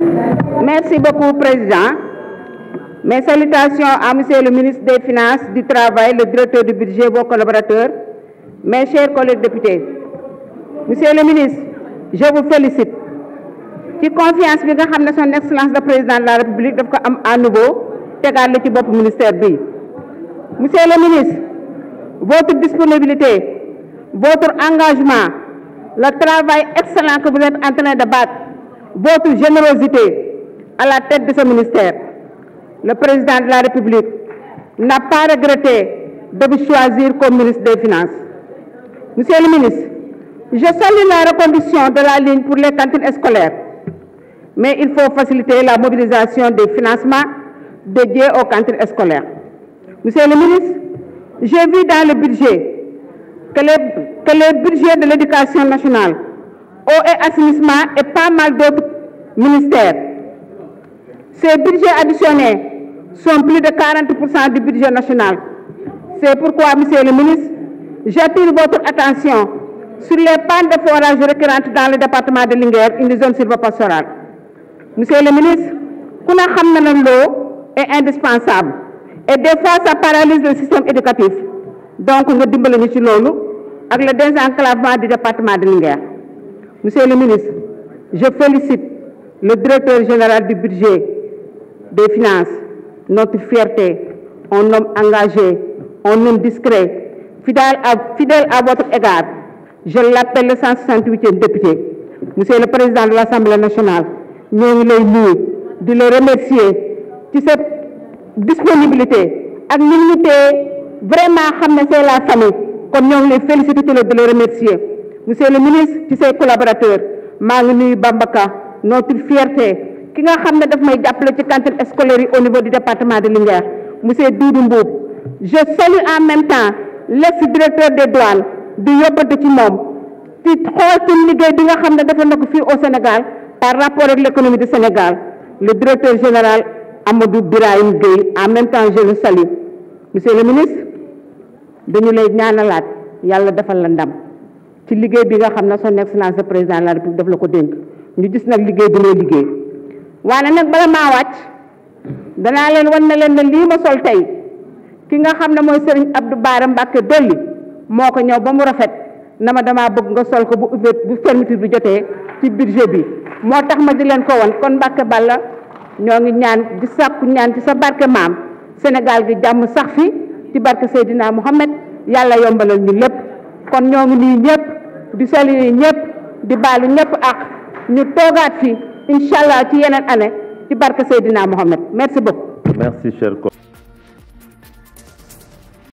Merci beaucoup, Président. Mes salutations à Monsieur le ministre des Finances, du Travail, le directeur du budget, vos collaborateurs, mes chers collègues députés. Monsieur le ministre, je vous félicite. ci confiance bi nga son excellence le président de la république de am à nouveau vous ministère monsieur le ministre votre disponibilité votre engagement le travail excellent que vous êtes en train de battre votre générosité à la tête de ce ministère. Le président de la République n'a pas regretté de vous choisir comme ministre des Finances. Monsieur le ministre, je salue la recondition de la ligne pour les cantines scolaires, mais il faut faciliter la mobilisation des financements dédiés aux cantines scolaires. Monsieur le ministre, j'ai vu dans le budget que le budget de l'éducation nationale et assainissement et pas mal d'autres ministères. Ces budgets additionnés sont plus de 40% du budget national. C'est pourquoi, Monsieur le ministre, j'attire votre attention sur les pannes de forage récurrentes dans le département de Linguerre, une zone silvopastorale. Monsieur le ministre, l'eau est indispensable et des fois ça paralyse le système éducatif. Donc, nous devons nous avec le désenclavement du département de Linguerre. Monsieur le ministre, je félicite le directeur général du budget des finances, notre fierté, un homme engagé, un homme discret, fidèle à, votre égard. Je l'appelle le 168e député. Monsieur le Président de l'Assemblée nationale, nous voulons de le remercier de cette disponibilité, nous l'unité, vraiment, c'est la famille. Comme nous les féliciter de le remercier. monsieur le ministre ci say collaborateurs maa ngi nuyu Bambaka notre fierté ki nga xam ne daf may jàppale ci cantine scolaire yi au niveau du département de Linguère monsieur Doudou Mboub je salue en même temps l'ex-directeur des douanes di yóbbante ci moom ci xooltum liggéey bi nga xam ne dafa nekk fii au Sénégal par rapport ak l'économie de Sénégal le directeur général Amadou Birahim Gueye en même temps je le salue monsieur le ministre dañu lay ñaanalaat yàlla defal la ndam ci liggéey bi nga xam ne son excellence le président de la république daf la ko dénk ñu gis nag liggéey bi ngay liggéey waaye nag bala maa danaa leen wan na leen ne lii ma sol tey ki nga xam ne mooy sëriñ Abdou Bara Mbacke dolli moo ko ñëw ba rafet na ma damaa bëgg nga sol ko bu ubbee bu fermeture bi jotee ci budget bi moo tax ma di leen ko won kon Mbacke Balla ñoo ngi ñaan di sàkku ñaan ci sa barke maam Sénégal gi jàmm sax fi ci barke Seydina Mouhamed yàlla yombalal ñu lépp kon ñoo ngi nii ñëpp di saluer ñëpp di baalu ñëpp ak ñu toogaat fi incha allah ci yeneen année ci barke Seydina Mohamed merci beaucoup. merci cher